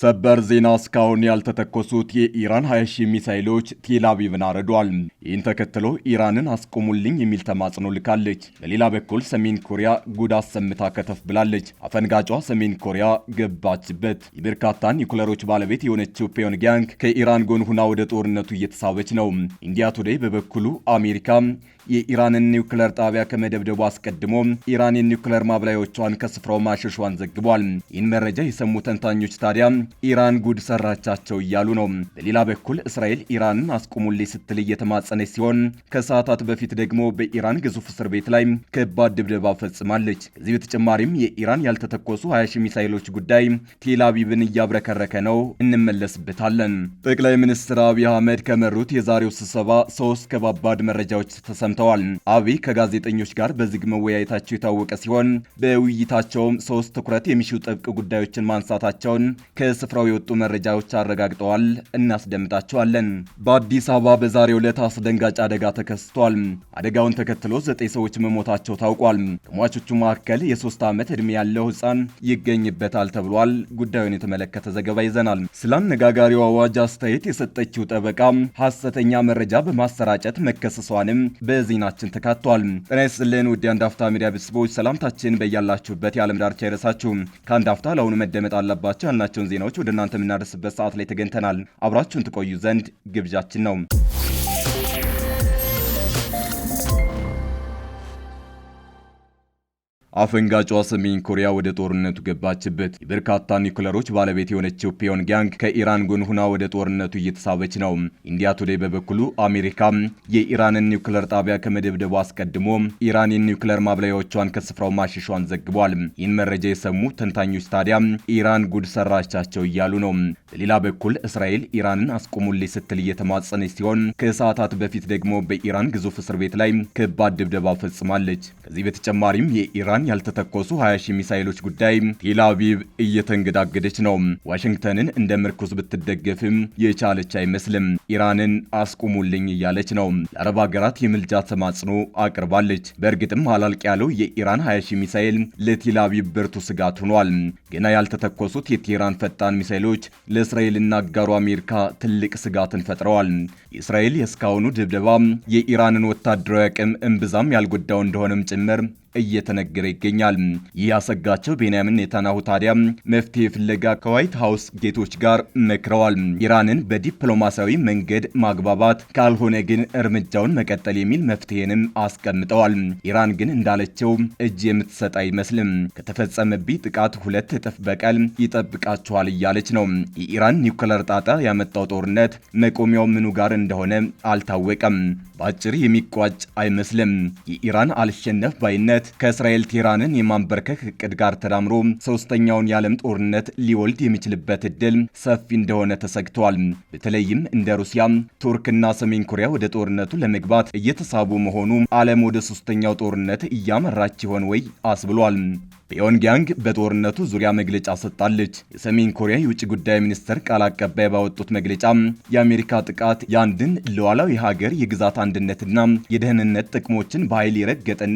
ሰበር ዜና እስካሁን ያልተተኮሱት የኢራን 20 ሺህ ሚሳይሎች ቴል አረዷል። ይህን ተከትሎ ኢራንን አስቆሙልኝ የሚል ተማጽኖ ልካለች። በሌላ በኩል ሰሜን ኮሪያ ጉድ አሰምታ ከተፍ ብላለች። አፈንጋጯ ሰሜን ኮሪያ ገባችበት። የበርካታ ኒውክለሮች ባለቤት የሆነችው ፒዮንግያንግ ከኢራን ጎን ሁና ወደ ጦርነቱ እየተሳበች ነው። ኢንዲያ ቱዴይ በበኩሉ አሜሪካ የኢራንን ኒውክለር ጣቢያ ከመደብደቡ አስቀድሞ ኢራን የኒውክለር ማብላዮቿን ከስፍራው ማሸሿን ዘግቧል። ይህን መረጃ የሰሙ ተንታኞች ታዲያ ኢራን ጉድ ሰራቻቸው እያሉ ነው። በሌላ በኩል እስራኤል ኢራን አስቁሙልኝ ስትል እየተማጸነች ሲሆን ከሰዓታት በፊት ደግሞ በኢራን ግዙፍ እስር ቤት ላይ ከባድ ድብደባ ፈጽማለች። ከዚህ በተጨማሪም የኢራን ያልተተኮሱ 20 ሺህ ሚሳይሎች ጉዳይ ቴል እያብረከረከ ነው። እንመለስበታለን። ጠቅላይ ሚኒስትር አብይ አህመድ ከመሩት የዛሬው ስብሰባ ሶስት ከባባድ መረጃዎች ተሰምተዋል። አብይ ከጋዜጠኞች ጋር በዝግ መወያየታቸው የታወቀ ሲሆን በውይይታቸውም ሶስት ትኩረት የሚሹ ጥብቅ ጉዳዮችን ማንሳታቸውን ከ ከስፍራው የወጡ መረጃዎች አረጋግጠዋል። እናስደምጣቸዋለን። በአዲስ አበባ በዛሬው ዕለት አስደንጋጭ አደጋ ተከስቷል። አደጋውን ተከትሎ ዘጠኝ ሰዎች መሞታቸው ታውቋል። ከሟቾቹ መካከል የሶስት ዓመት ዕድሜ ያለው ሕፃን ይገኝበታል ተብሏል። ጉዳዩን የተመለከተ ዘገባ ይዘናል። ስለ አነጋጋሪው አዋጅ አስተያየት የሰጠችው ጠበቃ ሐሰተኛ መረጃ በማሰራጨት መከሰሷንም በዜናችን ተካቷል። ጤና ይስጥልን ውድ የአንድ አፍታ ሚዲያ ቤተሰቦች ሰላምታችን በያላችሁበት የዓለም ዳርቻ ይድረሳችሁ። ከአንድ አፍታ ለአሁኑ መደመጥ አለባቸው ያልናቸውን ዜናዎች ወደ እናንተ የምናደርስበት ሰዓት ላይ ተገኝተናል። አብራችሁን ትቆዩ ዘንድ ግብዣችን ነው። አፈንጋጯ ሰሜን ኮሪያ ወደ ጦርነቱ ገባችበት። የበርካታ ኒውክለሮች ባለቤት የሆነችው ፒዮንግያንግ ከኢራን ጎን ሆና ወደ ጦርነቱ እየተሳበች ነው። ኢንዲያ ቱዴይ በበኩሉ አሜሪካ የኢራንን ኒውክለር ጣቢያ ከመደብደቡ አስቀድሞ ኢራን የኒውክለር ማብላያዎቿን ከስፍራው ማሸሿን ዘግቧል። ይህን መረጃ የሰሙ ተንታኞች ታዲያ ኢራን ጉድ ሰራቻቸው እያሉ ነው። በሌላ በኩል እስራኤል ኢራንን አስቁሙልኝ ስትል እየተማጸነች ሲሆን ከሰዓታት በፊት ደግሞ በኢራን ግዙፍ እስር ቤት ላይ ከባድ ድብደባ ፈጽማለች። ከዚህ በተጨማሪም የኢራን ኢራን ያልተተኮሱ 20 ሺህ ሚሳይሎች ጉዳይ ቴላቪቭ እየተንገዳገደች ነው። ዋሽንግተንን እንደ ምርኩዝ ብትደገፍም የቻለች አይመስልም። ኢራንን አስቁሙልኝ እያለች ነው። ለአረብ ሀገራት የምልጃ ተማጽኖ አቅርባለች። በእርግጥም አላልቅ ያለው የኢራን 20 ሺህ ሚሳይል ለቴላቪቭ ብርቱ ስጋት ሆኗል። ገና ያልተተኮሱት የቴህራን ፈጣን ሚሳይሎች ለእስራኤልና አጋሩ አሜሪካ ትልቅ ስጋትን ፈጥረዋል። የእስራኤል የእስካሁኑ ድብደባ የኢራንን ወታደራዊ አቅም እምብዛም ያልጎዳው እንደሆነም ጭምር እየተነገረ ይገኛል። ይህ ያሰጋቸው ቤንያሚን ኔታንያሁ ታዲያ መፍትሄ ፍለጋ ከዋይት ሀውስ ጌቶች ጋር መክረዋል። ኢራንን በዲፕሎማሲያዊ መንገድ ማግባባት፣ ካልሆነ ግን እርምጃውን መቀጠል የሚል መፍትሄንም አስቀምጠዋል። ኢራን ግን እንዳለቸው እጅ የምትሰጥ አይመስልም። ከተፈጸመብኝ ጥቃት ሁለት እጥፍ በቀል ይጠብቃችኋል እያለች ነው። የኢራን ኒውክለር ጣጣ ያመጣው ጦርነት መቆሚያው ምኑ ጋር እንደሆነ አልታወቀም። በአጭር የሚቋጭ አይመስልም። የኢራን አልሸነፍ ባይነት ጦርነት ከእስራኤል ቴህራንን የማንበርከክ እቅድ ጋር ተዳምሮ ሶስተኛውን የዓለም ጦርነት ሊወልድ የሚችልበት እድል ሰፊ እንደሆነ ተሰግቷል። በተለይም እንደ ሩሲያ፣ ቱርክና ሰሜን ኮሪያ ወደ ጦርነቱ ለመግባት እየተሳቡ መሆኑ ዓለም ወደ ሶስተኛው ጦርነት እያመራች ይሆን ወይ አስብሏል። ፒዮንግያንግ በጦርነቱ ዙሪያ መግለጫ ሰጥታለች። የሰሜን ኮሪያ የውጭ ጉዳይ ሚኒስትር ቃል አቀባይ ባወጡት መግለጫ የአሜሪካ ጥቃት የአንድን ሉዓላዊ ሀገር የግዛት አንድነትና የደህንነት ጥቅሞችን በኃይል የረገጠና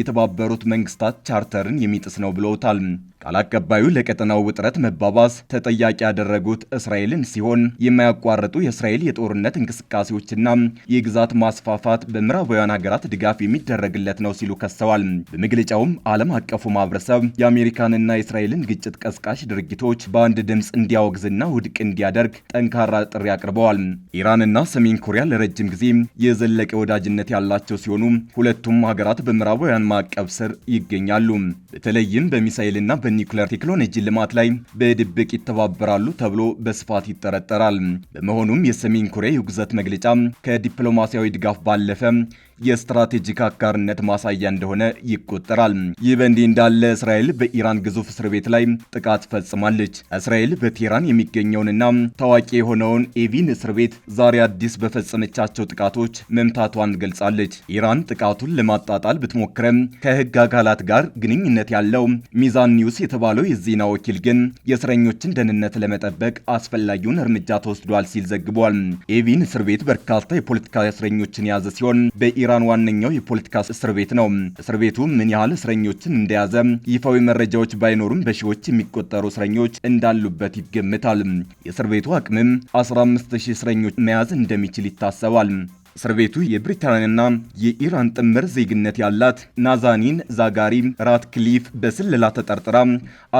የተባበሩት መንግስታት ቻርተርን የሚጥስ ነው ብለውታል። ቃል አቀባዩ ለቀጠናው ውጥረት መባባስ ተጠያቂ ያደረጉት እስራኤልን ሲሆን የማያቋርጡ የእስራኤል የጦርነት እንቅስቃሴዎችና የግዛት ማስፋፋት በምዕራባውያን ሀገራት ድጋፍ የሚደረግለት ነው ሲሉ ከሰዋል። በመግለጫውም ዓለም አቀፉ ማህበረሰብ የአሜሪካንና የእስራኤልን ግጭት ቀስቃሽ ድርጊቶች በአንድ ድምፅ እንዲያወግዝና ውድቅ እንዲያደርግ ጠንካራ ጥሪ አቅርበዋል። ኢራንና ሰሜን ኮሪያ ለረጅም ጊዜ የዘለቀ ወዳጅነት ያላቸው ሲሆኑ ሁለቱም ሀገራት በምዕራባውያን ማዕቀብ ስር ይገኛሉ። በተለይም በሚሳኤልና በ በኒውክሌር ቴክኖሎጂ ልማት ላይ በድብቅ ይተባበራሉ ተብሎ በስፋት ይጠረጠራል። በመሆኑም የሰሜን ኮሪያ የውግዘት መግለጫ ከዲፕሎማሲያዊ ድጋፍ ባለፈ የስትራቴጂክ አጋርነት ማሳያ እንደሆነ ይቆጠራል። ይህ በእንዲህ እንዳለ እስራኤል በኢራን ግዙፍ እስር ቤት ላይ ጥቃት ፈጽማለች። እስራኤል በቴህራን የሚገኘውንና ታዋቂ የሆነውን ኤቪን እስር ቤት ዛሬ አዲስ በፈጸመቻቸው ጥቃቶች መምታቷን ገልጻለች። ኢራን ጥቃቱን ለማጣጣል ብትሞክረም ከህግ አካላት ጋር ግንኙነት ያለው ሚዛን ኒውስ የተባለው የዜና ወኪል ግን የእስረኞችን ደህንነት ለመጠበቅ አስፈላጊውን እርምጃ ተወስዷል ሲል ዘግቧል። ኤቪን እስር ቤት በርካታ የፖለቲካ እስረኞችን የያዘ ሲሆን በኢራን የኢራን ዋነኛው የፖለቲካ እስር ቤት ነው። እስር ቤቱ ምን ያህል እስረኞችን እንደያዘ ይፋዊ መረጃዎች ባይኖሩም በሺዎች የሚቆጠሩ እስረኞች እንዳሉበት ይገምታል። የእስር ቤቱ አቅምም 15000 እስረኞች መያዝ እንደሚችል ይታሰባል። እስር ቤቱ የብሪታንያና የኢራን ጥምር ዜግነት ያላት ናዛኒን ዛጋሪ ራትክሊፍ በስለላ ተጠርጥራ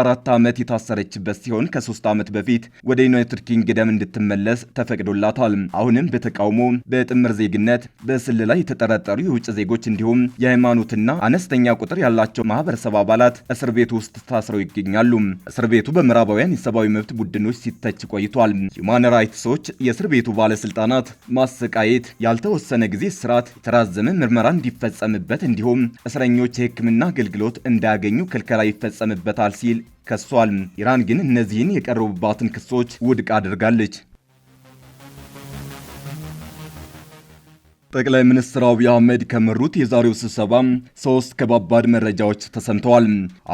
አራት ዓመት የታሰረችበት ሲሆን ከሶስት ዓመት በፊት ወደ ዩናይትድ ኪንግደም እንድትመለስ ተፈቅዶላታል። አሁንም በተቃውሞ በጥምር ዜግነት በስለላ የተጠረጠሩ የውጭ ዜጎች እንዲሁም የሃይማኖትና አነስተኛ ቁጥር ያላቸው ማህበረሰብ አባላት እስር ቤቱ ውስጥ ታስረው ይገኛሉ። እስር ቤቱ በምዕራባውያን የሰብአዊ መብት ቡድኖች ሲተች ቆይቷል። ሁማን ራይትሶች የእስር ቤቱ ባለስልጣናት ማሰቃየት ያል ላልተወሰነ ጊዜ ስርዓት የተራዘመ ምርመራ እንዲፈጸምበት እንዲሁም እስረኞች የህክምና አገልግሎት እንዳያገኙ ክልከላ ይፈጸምበታል ሲል ከሷል። ኢራን ግን እነዚህን የቀረቡባትን ክሶች ውድቅ አድርጋለች። ጠቅላይ ሚኒስትር አብይ አህመድ ከመሩት የዛሬው ስብሰባ ሶስት ከባባድ መረጃዎች ተሰምተዋል።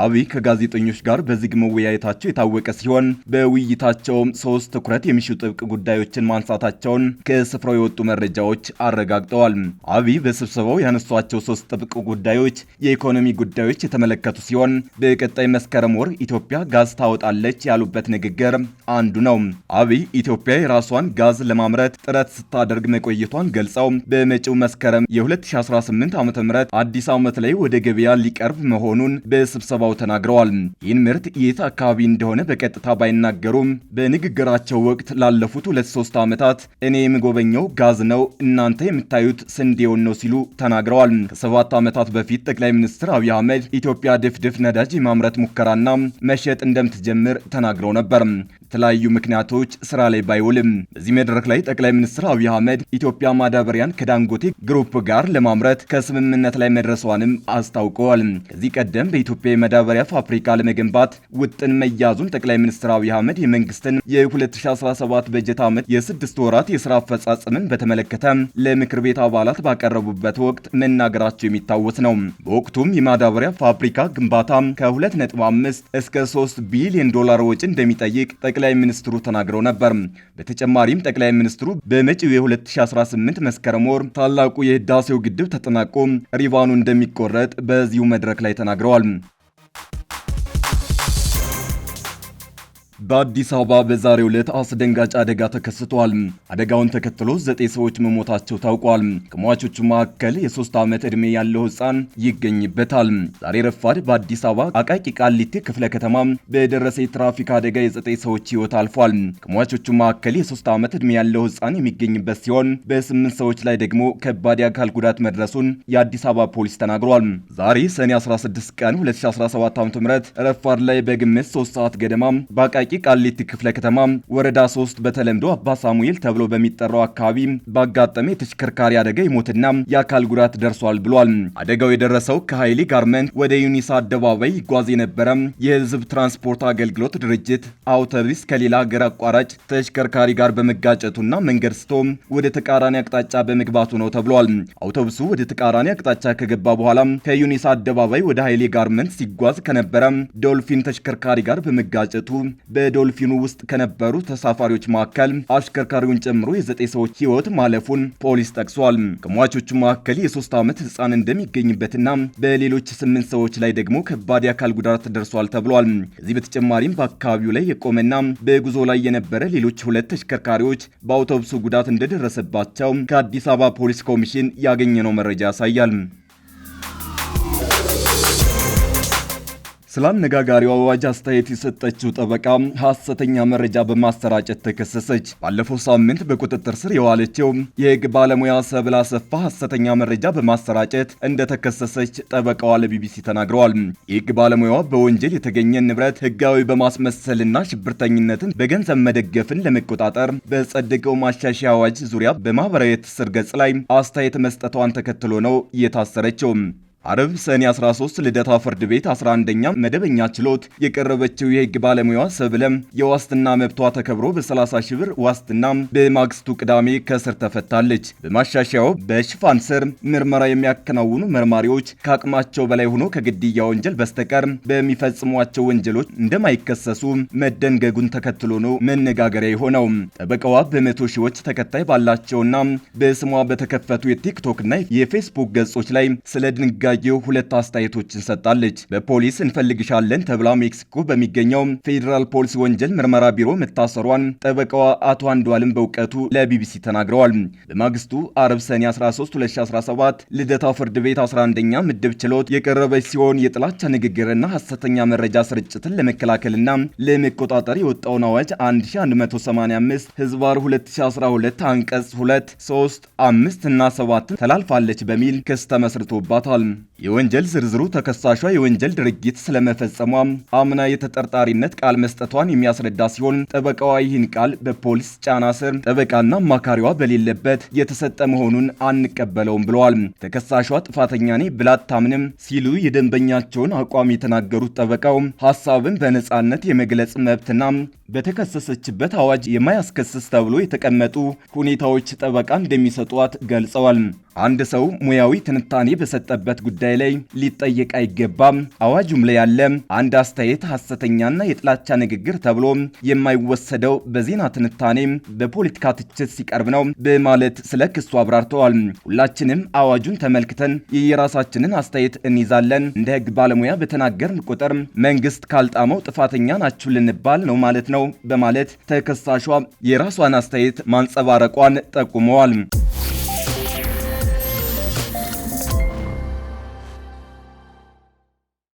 አብይ ከጋዜጠኞች ጋር በዝግ መወያየታቸው የታወቀ ሲሆን በውይይታቸውም ሶስት ትኩረት የሚሹ ጥብቅ ጉዳዮችን ማንሳታቸውን ከስፍራው የወጡ መረጃዎች አረጋግጠዋል። አብይ በስብሰባው ያነሷቸው ሶስት ጥብቅ ጉዳዮች የኢኮኖሚ ጉዳዮች የተመለከቱ ሲሆን በቀጣይ መስከረም ወር ኢትዮጵያ ጋዝ ታወጣለች ያሉበት ንግግር አንዱ ነው። አብይ ኢትዮጵያ የራሷን ጋዝ ለማምረት ጥረት ስታደርግ መቆየቷን ገልጸው በመጪው መስከረም የ2018 ዓ ም አዲስ ዓመት ላይ ወደ ገበያ ሊቀርብ መሆኑን በስብሰባው ተናግረዋል። ይህን ምርት የት አካባቢ እንደሆነ በቀጥታ ባይናገሩም በንግግራቸው ወቅት ላለፉት ሁለት ሶስት ዓመታት እኔ የምጎበኘው ጋዝ ነው፣ እናንተ የምታዩት ስንዴውን ነው ሲሉ ተናግረዋል። ከሰባት ዓመታት በፊት ጠቅላይ ሚኒስትር አብይ አህመድ ኢትዮጵያ ድፍድፍ ነዳጅ የማምረት ሙከራና መሸጥ እንደምትጀምር ተናግረው ነበር። የተለያዩ ምክንያቶች ስራ ላይ ባይውልም በዚህ መድረክ ላይ ጠቅላይ ሚኒስትር አብይ አህመድ ኢትዮጵያ ማዳበሪያን ከዳ ከዳንጎቴ ግሩፕ ጋር ለማምረት ከስምምነት ላይ መድረሷንም አስታውቀዋል። ከዚህ ቀደም በኢትዮጵያ የመዳበሪያ ፋብሪካ ለመገንባት ውጥን መያዙን ጠቅላይ ሚኒስትር አብይ አህመድ የመንግስትን የ2017 በጀት ዓመት የስድስት ወራት የስራ አፈጻጽምን በተመለከተ ለምክር ቤት አባላት ባቀረቡበት ወቅት መናገራቸው የሚታወስ ነው። በወቅቱም የማዳበሪያ ፋብሪካ ግንባታ ከ2.5 እስከ 3 ቢሊዮን ዶላር ወጪ እንደሚጠይቅ ጠቅላይ ሚኒስትሩ ተናግረው ነበር። በተጨማሪም ጠቅላይ ሚኒስትሩ በመጪው የ2018 መስከረም ወር ታላቁ የህዳሴው ግድብ ተጠናቆ ሪቫኑ እንደሚቆረጥ በዚሁ መድረክ ላይ ተናግረዋል። በአዲስ አበባ በዛሬው ዕለት አስደንጋጭ አደጋ ተከስቷል። አደጋውን ተከትሎ ዘጠኝ ሰዎች መሞታቸው ታውቋል። ከሟቾቹ መካከል የሶስት ዓመት ዕድሜ ያለው ሕፃን ይገኝበታል። ዛሬ ረፋድ በአዲስ አበባ አቃቂ ቃሊቲ ክፍለ ከተማ በደረሰ የትራፊክ አደጋ የዘጠኝ ሰዎች ሕይወት አልፏል። ከሟቾቹ መካከል የሶስት ዓመት ዕድሜ ያለው ሕፃን የሚገኝበት ሲሆን በስምንት ሰዎች ላይ ደግሞ ከባድ የአካል ጉዳት መድረሱን የአዲስ አበባ ፖሊስ ተናግሯል። ዛሬ ሰኔ 16 ቀን 2017 ዓ.ም ረፋድ ላይ በግምት ሶስት ሰዓት ገደማ በአቃቂ ታጣቂ ቃሊቲ ክፍለ ከተማ ወረዳ 3 በተለምዶ አባ ሳሙኤል ተብሎ በሚጠራው አካባቢ ባጋጠመ የተሽከርካሪ አደጋ የሞትና የአካል ጉዳት ደርሷል ብሏል። አደጋው የደረሰው ከኃይሌ ጋርመንት ወደ ዩኒሳ አደባባይ ይጓዝ የነበረ የህዝብ ትራንስፖርት አገልግሎት ድርጅት አውቶቡስ ከሌላ ሀገር አቋራጭ ተሽከርካሪ ጋር በመጋጨቱና መንገድ ስቶ ወደ ተቃራኒ አቅጣጫ በመግባቱ ነው ተብሏል። አውቶቡሱ ወደ ተቃራኒ አቅጣጫ ከገባ በኋላ ከዩኒሳ አደባባይ ወደ ኃይሌ ጋርመንት ሲጓዝ ከነበረ ዶልፊን ተሽከርካሪ ጋር በመጋጨቱ በዶልፊኑ ውስጥ ከነበሩ ተሳፋሪዎች መካከል አሽከርካሪውን ጨምሮ የዘጠኝ ሰዎች ሕይወት ማለፉን ፖሊስ ጠቅሷል። ከሟቾቹ መካከል የሶስት ዓመት ህፃን እንደሚገኝበትና በሌሎች ስምንት ሰዎች ላይ ደግሞ ከባድ የአካል ጉዳት ደርሷል ተብሏል። ከዚህ በተጨማሪም በአካባቢው ላይ የቆመና በጉዞ ላይ የነበረ ሌሎች ሁለት ተሽከርካሪዎች በአውቶቡሱ ጉዳት እንደደረሰባቸው ከአዲስ አበባ ፖሊስ ኮሚሽን ያገኘነው መረጃ ያሳያል። ስለ አነጋጋሪው አዋጅ አስተያየት የሰጠችው ጠበቃ ሐሰተኛ መረጃ በማሰራጨት ተከሰሰች። ባለፈው ሳምንት በቁጥጥር ስር የዋለችው የህግ ባለሙያ ሰብለ አሰፋ ሐሰተኛ መረጃ በማሰራጨት እንደተከሰሰች ጠበቃዋ ለቢቢሲ ተናግረዋል። የህግ ባለሙያዋ በወንጀል የተገኘ ንብረት ሕጋዊ በማስመሰልና ሽብርተኝነትን በገንዘብ መደገፍን ለመቆጣጠር በጸደቀው ማሻሻያ አዋጅ ዙሪያ በማህበራዊ የትስስር ገጽ ላይ አስተያየት መስጠቷን ተከትሎ ነው የታሰረችው። አርብ ሰኔ 13 ልደታ ፍርድ ቤት 11ኛ መደበኛ ችሎት የቀረበችው የህግ ባለሙያዋ ሰብለም የዋስትና መብቷ ተከብሮ በ30 ሺህ ብር ዋስትና በማግስቱ ቅዳሜ ከእስር ተፈታለች። በማሻሻያው በሽፋን ስር ምርመራ የሚያከናውኑ መርማሪዎች ከአቅማቸው በላይ ሆኖ ከግድያ ወንጀል በስተቀር በሚፈጽሟቸው ወንጀሎች እንደማይከሰሱ መደንገጉን ተከትሎ ነው መነጋገሪያ የሆነው። ጠበቃዋ በመቶ ሺዎች ተከታይ ባላቸውና በስሟ በተከፈቱ የቲክቶክ እና የፌስቡክ ገጾች ላይ ስለ ድንጋ ለጥያቄው ሁለት አስተያየቶችን ሰጣለች። በፖሊስ እንፈልግሻለን ተብላ ሜክሲኮ በሚገኘው ፌዴራል ፖሊስ ወንጀል ምርመራ ቢሮ መታሰሯን ጠበቃዋ አቶ አንዷልም በእውቀቱ ለቢቢሲ ተናግረዋል። በማግስቱ አረብ ሰኔ 13 2017 ልደታ ፍርድ ቤት 11ኛ ምድብ ችሎት የቀረበች ሲሆን የጥላቻ ንግግርና ሐሰተኛ መረጃ ስርጭትን ለመከላከልና ለመቆጣጠር የወጣውን አዋጅ 1185 ህዝባር 2012 አንቀጽ 2፣ 3፣ 5 እና 7 ተላልፋለች በሚል ክስ ተመስርቶባታል። የወንጀል ዝርዝሩ ተከሳሿ የወንጀል ድርጊት ስለመፈጸሟ አምና የተጠርጣሪነት ቃል መስጠቷን የሚያስረዳ ሲሆን ጠበቃዋ ይህን ቃል በፖሊስ ጫና ስር ጠበቃና አማካሪዋ በሌለበት የተሰጠ መሆኑን አንቀበለውም ብለዋል። ተከሳሿ ጥፋተኛ ነኝ ብላ አታምንም ሲሉ የደንበኛቸውን አቋም የተናገሩት ጠበቃው ሀሳብን በነጻነት የመግለጽ መብትና በተከሰሰችበት አዋጅ የማያስከስስ ተብሎ የተቀመጡ ሁኔታዎች ጠበቃ እንደሚሰጧት ገልጸዋል። አንድ ሰው ሙያዊ ትንታኔ በሰጠበት ጉዳይ ላይ ሊጠየቅ አይገባም። አዋጁም ላይ ያለ አንድ አስተያየት ሐሰተኛና የጥላቻ ንግግር ተብሎ የማይወሰደው በዜና ትንታኔ በፖለቲካ ትችት ሲቀርብ ነው በማለት ስለ ክሱ አብራርተዋል። ሁላችንም አዋጁን ተመልክተን የየራሳችንን አስተያየት እንይዛለን። እንደ ህግ ባለሙያ በተናገርን ቁጥር መንግስት ካልጣመው ጥፋተኛ ናችሁ ልንባል ነው ማለት ነው በማለት ተከሳሿ የራሷን አስተያየት ማንጸባረቋን ጠቁመዋል።